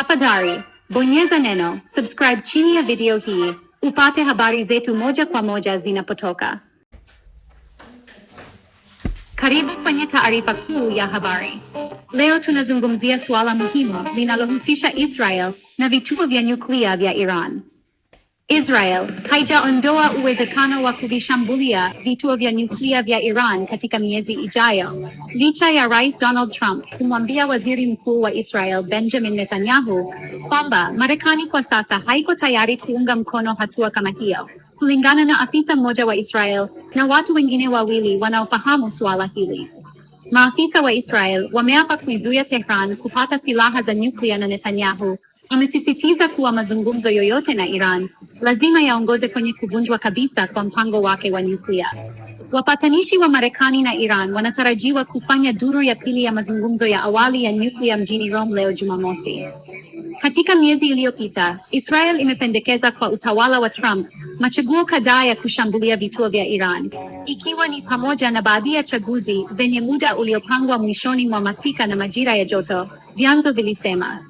Tafadhali bonyeza neno subscribe chini ya video hii upate habari zetu moja kwa moja zinapotoka. Karibu kwenye taarifa kuu ya habari. Leo tunazungumzia suala muhimu linalohusisha Israel na vituo vya nyuklia vya Iran. Israel haijaondoa uwezekano wa kuvishambulia vituo vya nyuklia vya Iran katika miezi ijayo, licha ya Rais Donald Trump kumwambia Waziri Mkuu wa Israel Benjamin Netanyahu kwamba Marekani kwa sasa haiko tayari kuunga mkono hatua kama hiyo, kulingana na afisa mmoja wa Israel na watu wengine wawili wanaofahamu suala hili. Maafisa wa Israel wameapa kuizuia Tehran kupata silaha za nyuklia na Netanyahu amesisitiza kuwa mazungumzo yoyote na Iran lazima yaongoze kwenye kuvunjwa kabisa kwa mpango wake wa nyuklia. Wapatanishi wa Marekani na Iran wanatarajiwa kufanya duru ya pili ya mazungumzo ya awali ya nyuklia mjini Rome leo Jumamosi. Katika miezi iliyopita, Israel imependekeza kwa utawala wa Trump machaguo kadhaa ya kushambulia vituo vya Iran, ikiwa ni pamoja na baadhi ya chaguzi zenye muda uliopangwa mwishoni mwa masika na majira ya joto, vyanzo vilisema.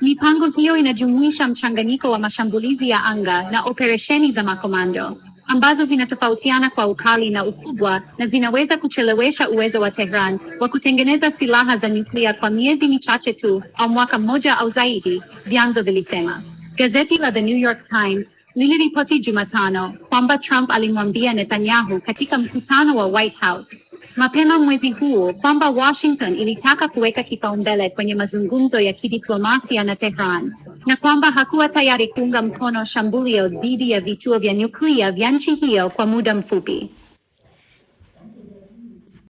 Mipango hiyo inajumuisha mchanganyiko wa mashambulizi ya anga na operesheni za makomando ambazo zinatofautiana kwa ukali na ukubwa na zinaweza kuchelewesha uwezo wa Tehran wa kutengeneza silaha za nyuklia kwa miezi michache tu au mwaka mmoja au zaidi, vyanzo vilisema. Gazeti la The New York Times liliripoti Jumatano kwamba Trump alimwambia Netanyahu katika mkutano wa White House mapema mwezi huo kwamba Washington ilitaka kuweka kipaumbele kwenye mazungumzo ya kidiplomasia na Tehran na kwamba hakuwa tayari kuunga mkono shambulio dhidi ya vituo vya nyuklia vya nchi hiyo kwa muda mfupi.